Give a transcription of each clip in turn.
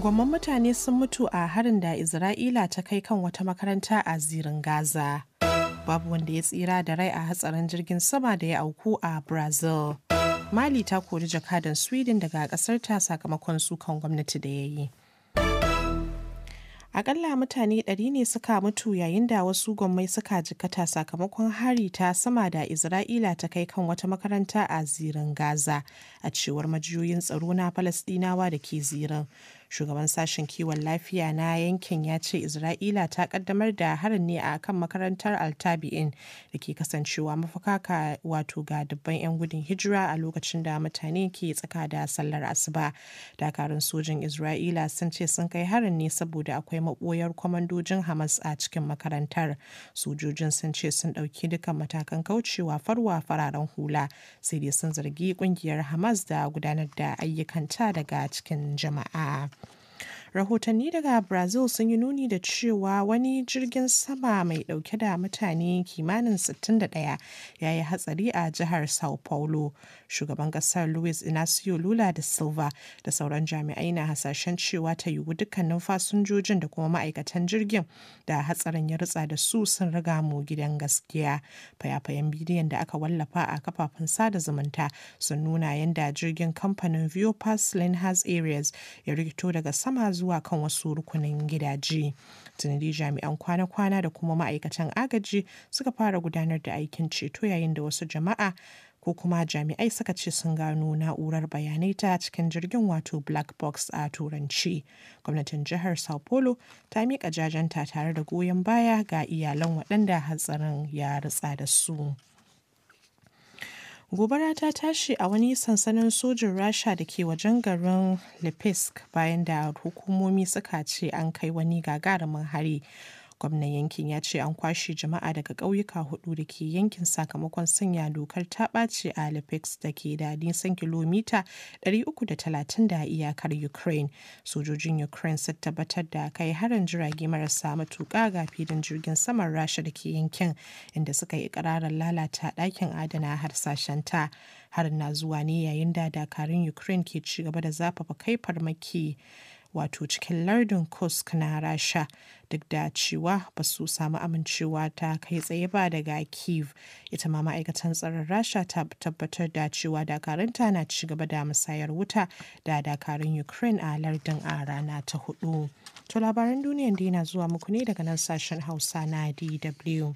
Gwamman mutane sun mutu a harin da Isra'ila ta kai kan wata makaranta a zirin Gaza. Babu wanda ya tsira da rai a hatsarin jirgin sama da ya auku a Brazil. Mali ta kori jakadan Sweden daga ta sakamakon sukan gwamnati da ya yi. akalla mutane ɗari ne suka mutu yayin da wasu gwammai suka jikata sakamakon hari ta sama da isra'ila ta kai kan wata makaranta a zirin gaza a cewar majiyoyin tsaro na falasɗinawa da ke zirin Shugaban sashen kiwon lafiya na yankin ya ce Isra'ila ta kaddamar da harin ne a kan makarantar Altabi'in da ke kasancewa mafaka wato ga dubban 'yan gudun hijira a lokacin da mutane ke tsaka da sallar asuba. Dakarun sojin Isra'ila sun ce sun kai harin ne saboda akwai maboyar kwamandojin Hamas a cikin makarantar. Sojojin sun ce sun ɗauki dukkan matakan kaucewa farwa fararen hula sai dai sun zargi kungiyar Hamas da gudanar da ayyukanta daga cikin jama'a. Rahotanni daga Brazil sun yi nuni da cewa wani jirgin sama mai dauke da mutane kimanin 61 ya yi hatsari a jihar Sao Paulo. Shugaban ƙasar Luis Inacio Lula da Silva da sauran jami'ai na hasashen cewa ta yiwu dukkanin fasinjojin da kuma ma'aikatan jirgin da hatsarin ya ritsa da su sun riga mu gidan gaskiya. Fayafayen bidiyon da aka wallafa a kafafen sada zumunta sun nuna yadda jirgin kamfanin Viewpass has Areas ya rikito daga sama zuwa zuwa kan wasu rukunin gidaje. Sanadi jami'an kwana-kwana da kuma ma'aikatan agaji suka fara gudanar da aikin ceto yayin da wasu jama'a ko kuma jami'ai suka ce sun gano na'urar bayanai ta cikin jirgin wato black box a turanci gwamnatin jihar sao paulo ta miƙa jajanta tare da goyon baya ga iyalan waɗanda hatsarin ya ritsa da su. Gobara ta tashi a wani sansanin sojin Rasha da ke wajen garin Lipetsk bayan da hukumomi suka ce an kai wani gagarumin hari Gwamnan yankin ya ce an kwashe jama'a daga ƙauyuka hudu da ke yankin sakamakon sanya dokar ta ɓace a Alepix da ke da nisan kilomita 330 da iyakar Ukraine. Sojojin Ukraine sun tabbatar da kai harin jirage marasa matuƙa ga filin jirgin saman Rasha da ke yankin inda suka yi ƙararar lalata ɗakin adana harsashen ta Harin na zuwa ne yayin da dakarun Ukraine ke ci gaba da zafafa kai farmaki. wato cikin lardin kusk na Rasha duk da cewa ba su samu amincewa ta kai tsaye ba daga Kiev. Ita ma ma'aikatan tsaron Rasha ta tabbatar da cewa dakarunta na ci gaba da musayar wuta da dakarun Ukraine a lardin a rana ta hudu. To labaran duniyan da yana zuwa muku ne daga nan sashen Hausa na DW.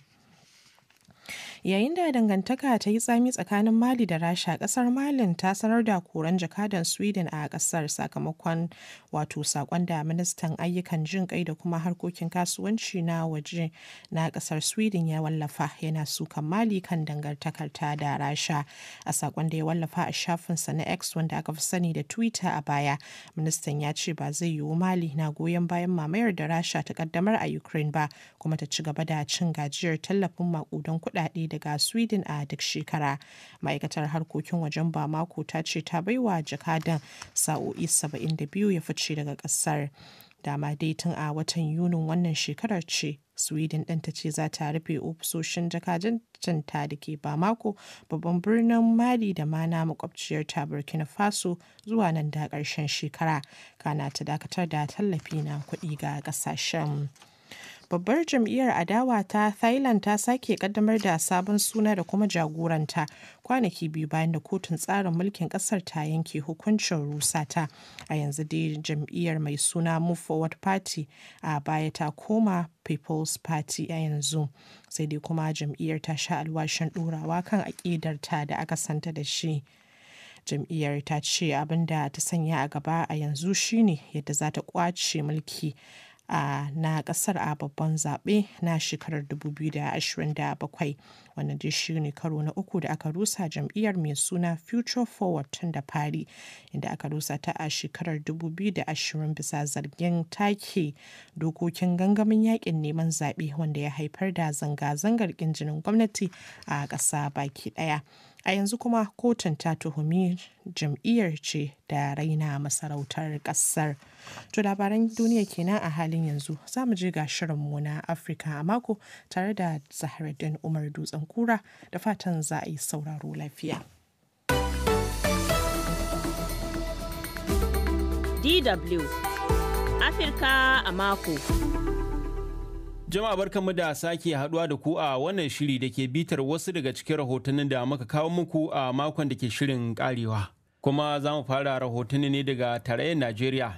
Yayin da dangantaka ta yi tsami tsakanin Mali da Rasha, kasar Malin ta sanar da koran jakadan Sweden a kasar sakamakon wato sakon da ministan ayyukan jin kai da kuma harkokin kasuwanci na waje na kasar Sweden ya wallafa yana sukan Mali kan dangantakar ta da Rasha. A sakon da ya wallafa a shafinsa na X wanda aka fi sani da Twitter a baya, ministan ya ce ba zai yiwu Mali na goyon bayan mamayar da Rasha ta kaddamar a Ukraine ba kuma ta ci gaba da cin gajiyar tallafin makudan kuɗaɗe da daga Sweden a duk shekara. Ma'aikatar harkokin wajen Bamako ta ce ta baiwa jakadan sa'o'i 72 ya fice daga ƙasar. Dama dai tun a watan Yunin wannan shekarar ce sweden ɗin ta ce za ta rufe ofisoshin jakadancanta da ke bamako babban birnin mali da mana makwabciyar ta burkina faso zuwa nan da ƙarshen shekara kana ta dakatar da tallafi na kuɗi ga ƙasashen. Babbar jam'iyyar adawa ta Thailand ta sake kaddamar da sabon suna da kuma jagoranta kwanaki biyu bayan da kotun tsarin mulkin kasar ta yanke hukuncin rusa ta A yanzu dai jam'iyyar mai suna Move Forward Party a baya ta koma People's Party a yanzu. Sai dai kuma jam'iyyar ta sha alwashin ɗorawa kan aƙidarta da aka santa da shi. jam'iyyar ta ce abin da ta sanya a gaba a yanzu shine yadda za ta kwace mulki a na kasar a babban zaɓe na shekarar 2027 wannan dai shi ne karo na uku da aka rusa jam'iyyar mai suna future forward tun da fari inda aka rusa ta a shekarar 2020 bisa zargin take dokokin gangamin yakin neman zaɓe wanda ya haifar da zanga-zangar ƙinjinin jinin gwamnati a ƙasa baki ɗaya a yanzu kuma kotun ta tuhumi jam'iyyar ce da raina masarautar ƙasar to labaran duniya kenan a halin yanzu za mu je ga shirinmu na afirka a mako tare da zahararren umar dutsen kura da fatan za a yi sauraro lafiya DW Afirka a mako. Jama'a barkanmu da sake haduwa da ku a wannan shiri da ke bitar wasu daga cikin rahotannin da muka kawo muku a makon da ke shirin karewa. Kuma za mu fara rahotanni ne daga tarayyar Najeriya.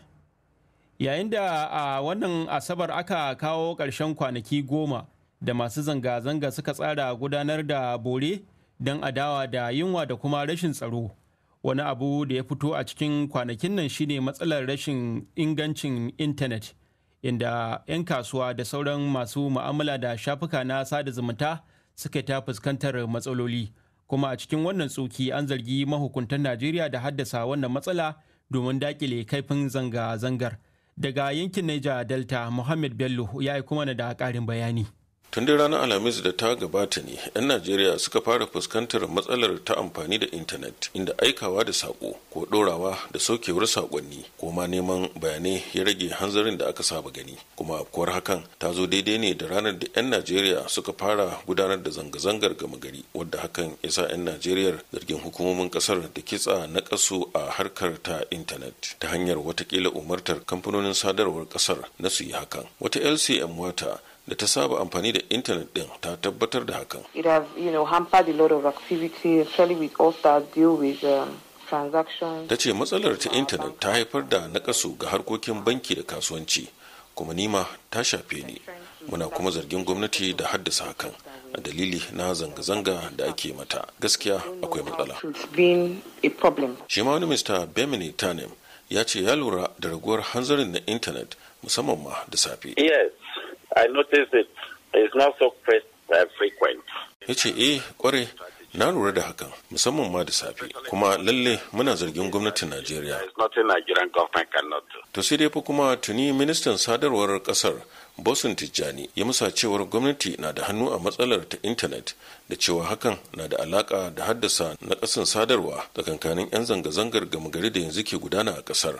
Yayin da a wannan Asabar aka kawo ƙarshen kwanaki goma da masu zanga-zanga suka tsara gudanar da bore don adawa da yunwa da kuma rashin tsaro. Wani abu da ya fito a cikin kwanakin nan shine matsalar rashin ingancin intanet. inda 'yan kasuwa da sauran masu mu'amala da shafuka na sada zumunta suka ta fuskantar matsaloli kuma a cikin wannan tsoki an zargi mahukuntan najeriya da haddasa wannan matsala domin dakile kaifin zanga-zangar daga yankin niger delta muhammad bello ya yi kuma da ƙarin bayani tun da ranar alhamis da ta gabata ne 'yan najeriya suka fara fuskantar matsalar ta amfani da intanet inda aikawa da sako ko dorawa da saukewar sakonni ko ma neman bayanai ya rage hanzarin da aka saba gani kuma afkuwar hakan ta zo daidai ne da ranar da 'yan najeriya suka fara gudanar da zanga-zangar gama gari wadda hakan ya sa 'yan najeriya zargin hukumomin kasar da kitsa na kasu a harkar ta intanet ta hanyar watakila umartar kamfanonin sadarwar kasar na su yi hakan wata lcm wata da ta saba amfani da intanet din ta tabbatar da hakan. It you know, um, ta ce matsalar ta intanet ta haifar da nakasu ga harkokin banki da kasuwanci kuma nima ta shafe ni muna kuma zargin gwamnati da haddasa hakan a dalili na zanga-zanga da ake mata gaskiya akwai matsala shi ma wani mr bemini tanem ya ce ya lura da raguwar hanzarin na intanet musamman ma da safe yes I noticed it is not so uh, frequent. Ya ce, eh, kware, na lura da hakan musamman ma da safe kuma lalle muna zargin gwamnatin najeriya to sai dai fa kuma tuni ministan sadarwar kasar bosun tijjani ya musa cewar gwamnati na da hannu a matsalar ta intanet da cewa hakan na da alaka da haddasa na kasan sadarwa tsakankanin 'yan zanga-zangar gama gari da yanzu ke gudana a kasar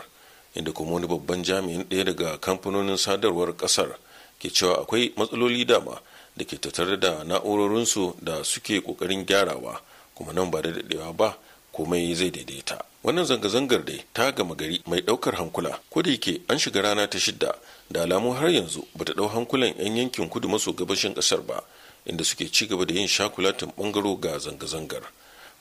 inda kuma wani babban jami'in ɗaya daga kamfanonin sadarwar kasar ke cewa akwai matsaloli dama da ke tattare da na'urorinsu da suke kokarin gyarawa kuma nan ba da daɗewa ba komai zai daidaita wannan zanga-zangar dai ta gama gari mai ɗaukar hankula ko da yake an shiga rana ta shidda da alamu har yanzu ba ta ɗau hankulan 'yan yankin kudu maso gabashin ƙasar ba inda suke ci gaba da yin shakulatin bangaro ga zanga-zangar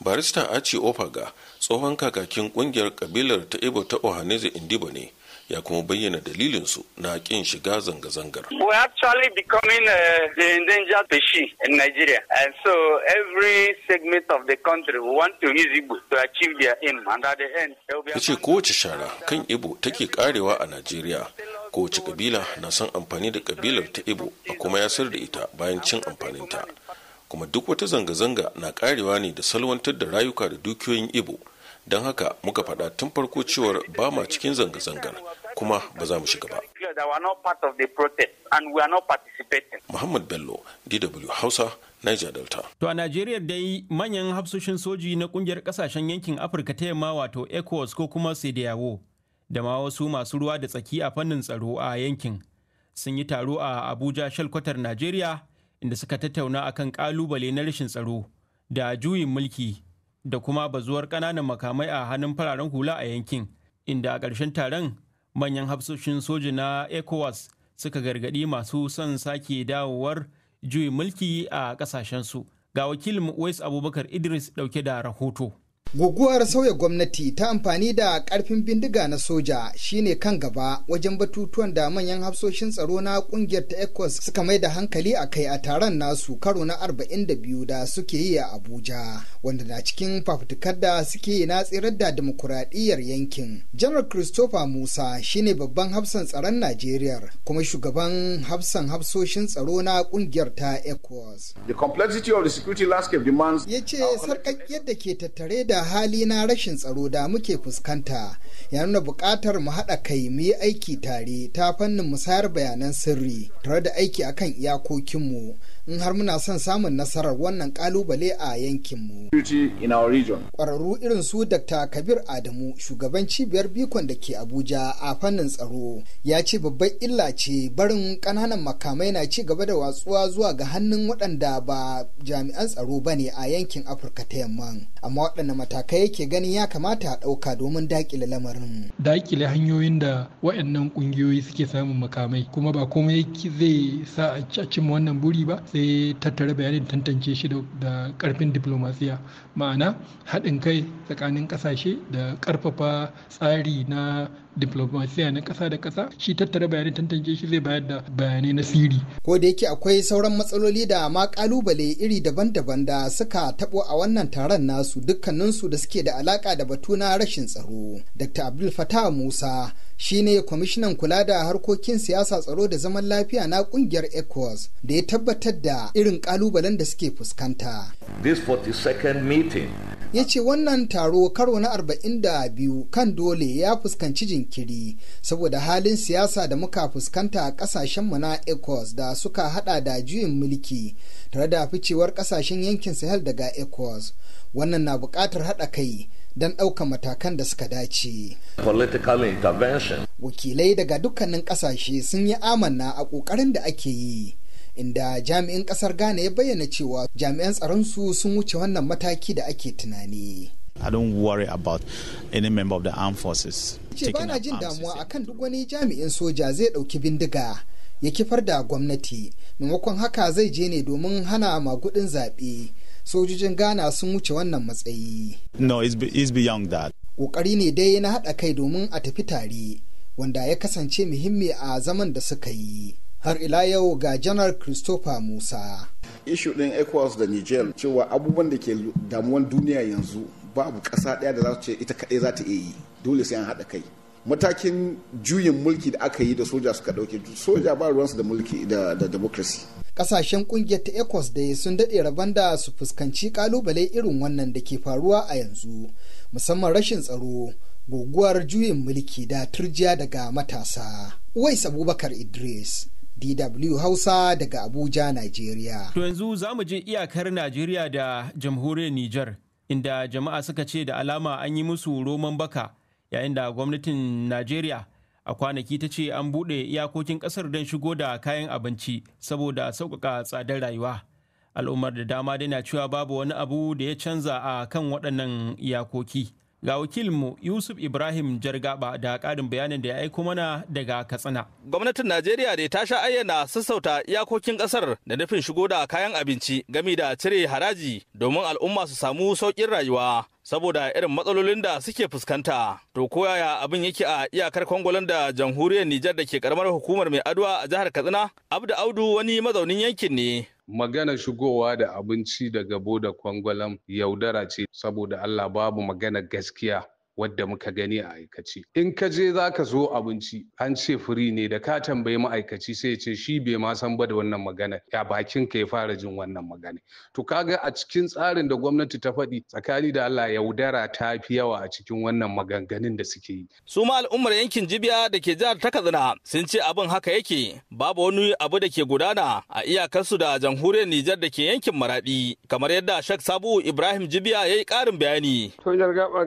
barista aci ofaga tsohon kakakin kungiyar kabilar ta ibo ta ohaneze indiba ne ya kuma bayyana dalilinsu na kin shiga zanga-zangar. We actually becoming uh, the endangered species in Nigeria and so every segment of the country we want to use Igbo to achieve their aim and at the end be a... kowace shara kan Igbo take karewa a Najeriya kowace kabila na son amfani da kabilar ta Igbo a kuma yasar da ita bayan cin amfaninta. kuma duk wata zanga-zanga na karewa ne da salwantar da rayuka da dukiyoyin Igbo. don haka muka faɗa tun farko cewar ba ma cikin zanga-zangar kuma ba za mu shiga ba. Muhammad Bello, DW Hausa, Niger Delta. To a Najeriya dai manyan hafsoshin soji na kungiyar kasashen yankin Afirka ta yamma wato ECOWAS ko kuma CEDEAO da ma wasu masu ruwa da tsaki a fannin tsaro a yankin sun yi taro a Abuja shalkwatar Najeriya inda suka tattauna akan kalubale na rashin tsaro da juyin mulki da kuma bazuwar ƙananan makamai a hannun fararen hula a yankin inda a ƙarshen taron manyan hafsoshin soja na ecowas suka gargaɗi masu son sake dawowar juyin mulki a ƙasashensu ga wakilin wais abubakar idris ɗauke da rahoto Guguwar sauya gwamnati ta amfani da ƙarfin bindiga na soja shine kan gaba wajen batutuwan da manyan hafsoshin tsaro na ƙungiyar ta ECOWAS suka mai da hankali a kai a taron nasu karo na 42 da suke yi a Abuja, wanda na cikin fafutukar da suke yi na tsirar da demokuraɗiyyar yankin. Janar Christopher Musa shine babban hafsan tsaron Najeriya kuma shugaban hafsan hafsoshin tsaro na ƙungiyar ta ECOWAS. The complexity of the security landscape demands. Ya ce sarƙaƙƙiyar da ke tattare da da hali na rashin tsaro da muke fuskanta ya nuna bukatar mu haɗa kai mu yi aiki tare ta fannin musayar bayanan sirri tare da aiki akan iyakokinmu in har muna son samun nasarar wannan ƙalubale a yankinmu. Ƙwararru irin su Dr. Kabir Adamu shugaban cibiyar bikon da ke Abuja a fannin tsaro ya ce babbar illa ce barin ƙananan makamai na ci gaba da watsuwa zuwa ga hannun waɗanda ba jami'an tsaro ba ne a yankin Afirka ta yamma. Amma waɗanne matakai yake ganin ya kamata a ɗauka domin dakile lamarin. Daƙile hanyoyin da waɗannan ƙungiyoyi suke samun makamai kuma ba komai zai sa a cimma wannan buri ba sai tattara bayanin tantance shi da ƙarfin diplomasiya ma'ana haɗin kai tsakanin ƙasashe da ƙarfafa tsari na diplomasiya na kasa da kasa shi tattara bayanai tantance shi zai bayar da bayanai na siri. Ko da yake akwai sauran matsaloli da ma kalubale iri daban-daban da suka tabo a wannan taron nasu dukkaninsu da suke da alaka da batu na rashin tsaro. Dr. Abdul Fatah Musa shine kwamishinan kula da harkokin siyasa tsaro da zaman lafiya na kungiyar ECOWAS da ya tabbatar da irin kalubalen da suke fuskanta. This 42 meeting ya ce wannan taro karo na 42 kan dole ya fuskanci jinki jinkiri saboda halin siyasa da muka fuskanta a kasashenmu na ecos da suka hada da juyin mulki tare da ficewar kasashen yankin sahel daga ecos wannan na bukatar hada kai don dauka matakan da suka dace. Wakilai daga dukkanin kasashe sun yi amanna a ƙoƙarin da ake yi. Inda jami'in ƙasar Ghana ya bayyana cewa jami'an tsaron su sun wuce wannan mataki da ake tunani. I don't worry about any member of the armed forces. Ce bana jin damuwa akan duk wani jami'in soja zai ɗauki bindiga ya kifar da gwamnati maimakon haka zai je ne domin hana magudin zaɓe. Sojojin Ghana sun wuce wannan matsayi. No, it's, be, it's beyond that. Ƙoƙari ne dai na haɗa kai domin a tafi tare, wanda ya kasance muhimmi a zaman da suka yi. har ila yau ga janar christopher musa ishu ɗin ecowas da niger cewa abubuwan da ke damuwan duniya yanzu babu ƙasa ɗaya da za ce ita kaɗai za ta yi dole sai an haɗa kai matakin juyin mulki da aka yi da soja suka ɗauke soja ba ruwansu da mulki da, da democracy kasashen kungiyar ta ecos da sun daɗe rabon da su fuskanci kalubale irin wannan da ke faruwa a yanzu musamman rashin tsaro guguwar juyin mulki da turjiya daga matasa wais abubakar idris DW Hausa daga Abuja, nigeria. To yanzu za mu je iyakar nigeria da jamhuriyar niger. inda jama'a suka ce da alama an yi musu roman baka yayin da gwamnatin najeriya a kwanaki ta ce an buɗe iyakokin ƙasar don shigo da kayan abinci saboda sauƙaƙa tsadar rayuwa al'ummar da dama dai na cewa babu wani abu da ya canza a kan waɗannan iyakoki ga wakilinmu yusuf ibrahim jargaba da karin bayanin da ya aiko mana daga katsina gwamnatin najeriya da ta sha ayyana sassauta iyakokin kasar da nufin shigo da kayan abinci gami da cire haraji domin al'umma su samu sauƙin rayuwa saboda irin matsalolin da suke fuskanta to koyaya abin yake a iyakar kwangolan da jamhuriyar nijar da ke karamar hukumar mai aduwa a jihar katsina abdu audu wani mazaunin yankin ne magana shigowa da abinci daga boda kwangwalam yaudara ce saboda Allah babu magana gaskiya wadda muka gani a aikace in ka je za ka zo abinci an ce firi ne da ka tambayi ma'aikaci sai ce shi bai ma san ba da wannan magana ya bakin ka ya fara jin wannan magana to ga a cikin tsarin da gwamnati ta faɗi tsakani da Allah yaudara ta fi yawa a cikin wannan maganganun da suke yi su ma al'ummar yankin Jibiya da ke jihar ta Kaduna sun ce abin haka yake babu wani abu da ke gudana a iyakarsu da jamhuriyar Nijar da ke yankin maraɗi kamar yadda shak Sabu Ibrahim Jibiya ya yi ƙarin bayani to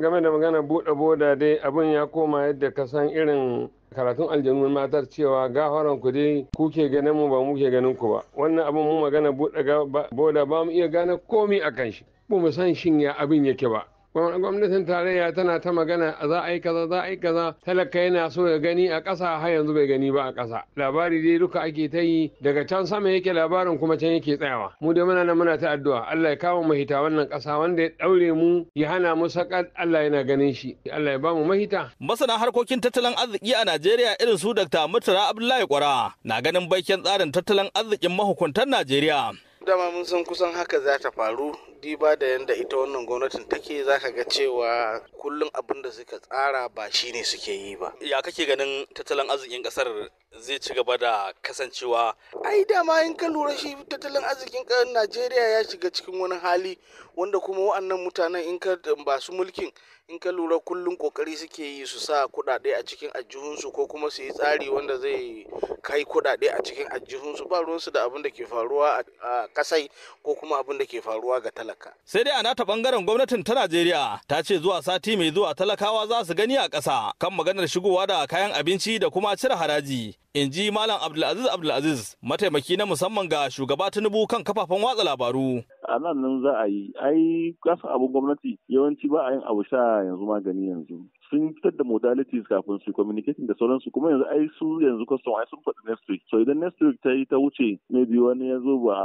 game da magana buɗe boda dai abin ya koma yadda ka san irin karatun aljanu matar cewa gafaran ku dai ku ke ganin mu ba mu ke ganin ku ba wannan abin mu magana buɗe boda ba mu iya gane komi akan shi mu san shin ya abin yake ba gwamnatin tarayya tana ta magana za a yi kaza za a yi kaza talaka yana so ya gani a ƙasa har yanzu bai gani ba a ƙasa labari dai duka ake ta yi daga can sama yake labarin kuma can yake tsayawa mu da muna nan muna ta addu'a Allah ya kawo mahita wannan ƙasa wanda ya daure mu ya hana mu sakat Allah yana ganin shi Allah ya ba mu mahita masana harkokin tattalin arziki a Najeriya irin su Dr. Mutura Abdullahi Kwara na ganin baiken tsarin tattalin arzikin mahukuntan Najeriya dama mun san kusan haka za ta faru diba da yadda ita wannan gwamnatin take za ka ga cewa kullum abin da suka tsara ba shi ne suke yi ba ya kake ganin tattalin arzikin kasar zai ci gaba da kasancewa ai dama in ka lura shi tattalin arzikin kasar najeriya ya shiga cikin wani hali wanda kuma wa'annan mutanen in ka ba su mulkin in ka lura kullum kokari suke yi su sa kudade a cikin ajihunsu ko kuma su yi tsari wanda zai kai kudade a cikin ajihunsu ba ruwansu da abin da ke faruwa a kasai ko kuma abin da ke faruwa ga talaka. Sai dai a nata bangaren gwamnatin ta Najeriya ta ce zuwa sati mai zuwa talakawa za su gani a ƙasa kan maganar shigowa da kayan abinci da kuma cire haraji. in ji malam abdulaziz abdulaziz mataimaki na musamman ga shugaba tinubu kan kafafen watsa labaru a nan nan za a yi ai kasa abin gwamnati yawanci ba a yin abu sha yanzu magani yanzu sun fitar da modalities kafin su communicating da sauransu kuma yanzu ai su yanzu custom ai sun faɗi next week so idan next week ta yi ta wuce maybe wani ya zo ba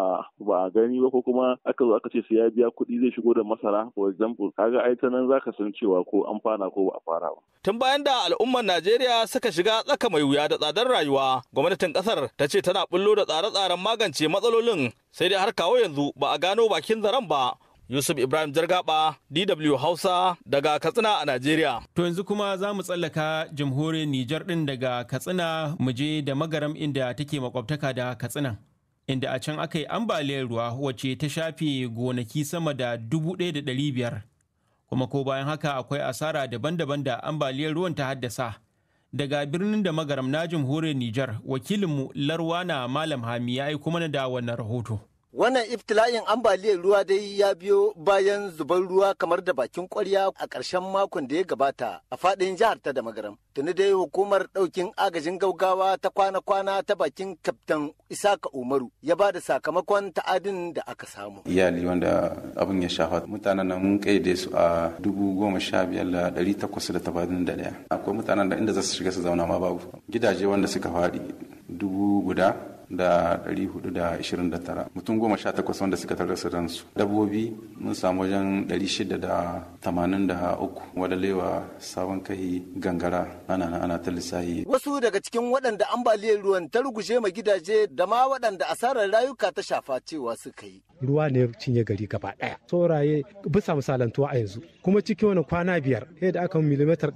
ba gani ba ko kuma aka zo aka ce su ya biya kuɗi zai shigo da masara for example kaga ai ta nan zaka san cewa ko an fana ko ba a fara ba tun bayan da al'ummar Najeriya suka shiga tsaka mai wuya da tsadar rayuwa gwamnatin kasar ta ce tana bullo da tsare-tsaren magance matsalolin sai dai har kawo yanzu ba a gano bakin zaren ba Yusuf Ibrahim Jargaba DW Hausa daga Katsina a Najeriya. To yanzu kuma za mu tsallaka jamhuriyar Nijar ɗin daga Katsina mu je da magaram inda take makwabtaka da Katsina. Inda a can aka yi ambaliyar ruwa wacce ta shafe gonaki sama da dubu ɗaya da ɗari biyar. Kuma ko bayan haka akwai asara daban-daban da ambaliyar ruwan ta haddasa. Daga birnin da magaram na jamhuriyar Nijar wakilinmu Larwana Malam Hami ya kuma na da wannan rahoto. Wannan iftila'in ambaliyar ruwa dai ya biyo bayan zubar ruwa kamar da bakin kwarya a ƙarshen makon da ya gabata a faɗin jihar ta da magaram. Tuni dai hukumar ɗaukin agajin gaugawa ta kwana-kwana ta bakin kaftan Isaka Umaru ya ba da sakamakon ta'adin da aka samu. Iyali wanda abin ya shafa mutanen nan mun kaide su a dubu goma sha biyar da ɗari takwas da tabadin da ɗaya. Akwai mutanen da inda za su shiga su zauna ma babu. Gidaje wanda suka faɗi dubu guda da 429 mutum goma sha takwas wanda suka su ransu dabbobi mun samu wajen 683 lewa sabon kahi gangara ana na ana ta lissahi wasu daga cikin waɗanda ambaliyar ruwan ta ruguje ma gidaje da ma waɗanda asarar rayuka ta shafa cewa suka yi ruwa ne cinye gari gaba ɗaya sauraye bisa misalantuwa a yanzu kuma cikin wani kwana biyar sai da aka milimetar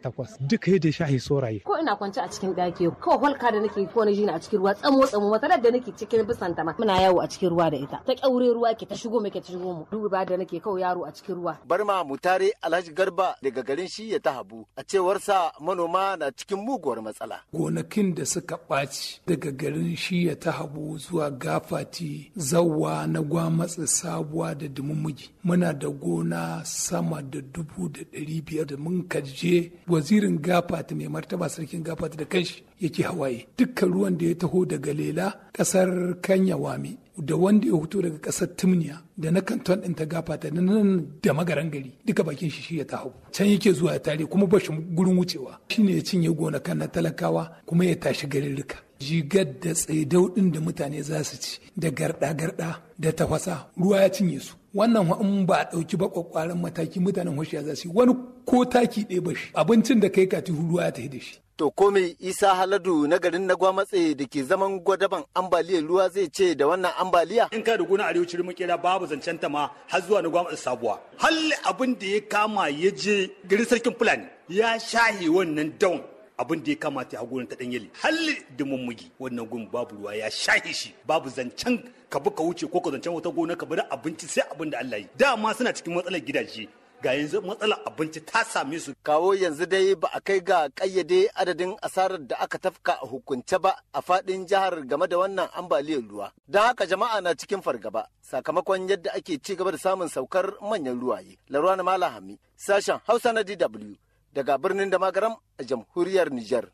takwas. duk sai da shahi sauraye ko ina kwance a cikin ɗaki ko holka da nake ko na jina a cikin ruwa tsamo tsamo matsalar da nake cikin bisan ta ma muna yawo a cikin ruwa da ita ta kaure ruwa ke ta shigo muke ta shigo mu duba da nake kawai yaro a cikin ruwa barma tare alhaji garba daga garin shi ya ta habu a cewar sa manoma na cikin muguwar matsala gonakin da suka ɓaci daga garin shi ya ta habu zuwa gafati zawa na gwamatsa sabuwa da dumumuji muna da gona sama da dubu da ɗari biyar da mun kaje wazirin gafati mai martaba sarkin gafati da kanshi yake hawaye dukkan ruwan da ya taho daga lela ƙasar Wami da wanda ya fito daga ƙasar timniya da na kanton ɗin ta gafa ta nan da magaran gari duka bakin shi shi ya taho can yake zuwa ya tare kuma bashi gurin wucewa shine ya cinye gonakan na talakawa kuma ya tashi garirrika jigar da tsaidau ɗin da mutane za su ci da garɗa-garɗa da tafasa ruwa ya cinye su wannan in ba a ɗauki ba kwakwaran mataki mutanen hoshiya za su yi wani ko taki ɗaya ba shi abincin da kai kati ruwa ya tafi da shi To komai Isa Haladu na garin Nagwa da ke zaman gwadaban ambaliyar ruwa zai ce da wannan ambaliya? In ka da gona arewacin makera babu zancen ta ma har zuwa na gwamnati sabuwa. Halli abin da ya kama ya je garin sarkin Fulani ya shahe wannan daun abin da ya kama ya hagu ta danyali halli da mummugi wannan gun babu ruwa ya shahe shi babu zancen ka buka wuce ko ka zancen wata gona ka bari abinci sai abin da Allah yi dama suna cikin matsalar gidaje ga yanzu matsalar abinci ta same su. Kawo yanzu dai ba a kai ga ƙayyade adadin asarar da aka tafka a hukunce ba a faɗin jihar game da wannan ambaliyar ruwa. Don haka jama'a na cikin fargaba sakamakon yadda ake ci gaba da samun saukar manyan ruwaye. Laruwa Malahami, sashen Hausa na DW daga birnin da magaram a jamhuriyar Nijar.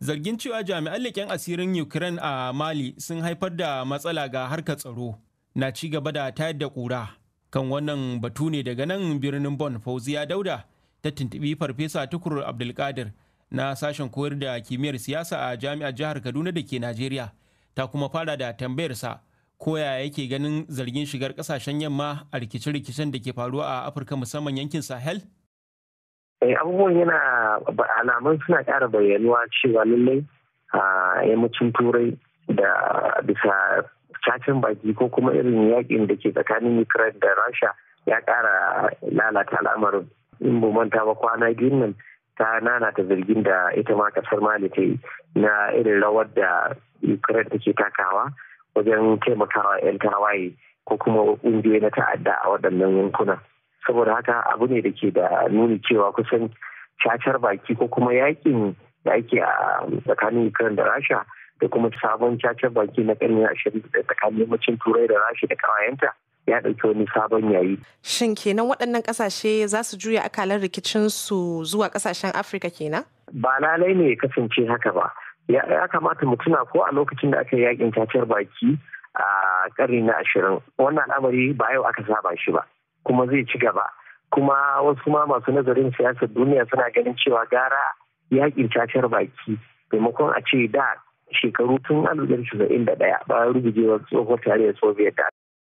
Zargin cewa jami'an leƙen asirin Ukraine a Mali sun haifar da matsala ga harkar tsaro na ci gaba da tayar da ƙura. kan wannan batu ne daga nan birnin bon fauziya dauda ta tuntubi farfesa tukur abdulkadir na sashen koyar da kimiyyar siyasa a jami'ar jihar kaduna da ke najeriya ta kuma fara da tambayarsa koya yake ganin zargin shigar kasashen yamma a rikice-rikicen da ke faruwa a afirka musamman yankin sahel eh, abubuwan yana alamun suna kara bayyanuwa cewa lallai a ah, yammacin turai da bisa cacin baki ko kuma irin yakin da ke tsakanin ukraine da rasha ya kara lalata al'amarin in bu manta ba kwana biyun nan ta nanata zargin da ita ma kasar mali ta yi na irin rawar da ukraine take takawa wajen taimakawa 'yan tawaye ko kuma ƙungiyoyi na ta'adda a waɗannan yankuna saboda haka abu ne da ke da nuni cewa kusan cacar baki ko kuma yakin da ake a tsakanin ukraine da rasha da kuma sabon cacar baki na karni ashirin da tsakanin yammacin turai da rashi da kawayenta ya ɗauki wani sabon yayi. Shin kenan waɗannan ƙasashe za su juya rikicin su zuwa ƙasashen Afirka kenan? Ba lalai ne ya kasance haka ba. Ya kamata mu tuna ko a lokacin da aka yi yakin cacar baki a ƙarni na ashirin. Wannan al'amari ba yau aka saba shi ba, kuma zai ci gaba. Kuma wasu ma masu nazarin siyasar duniya suna ganin cewa gara yakin cacar baki maimakon a ce da shekaru tun 1991 da bayan rubujewar tsohuwar tarihin soviet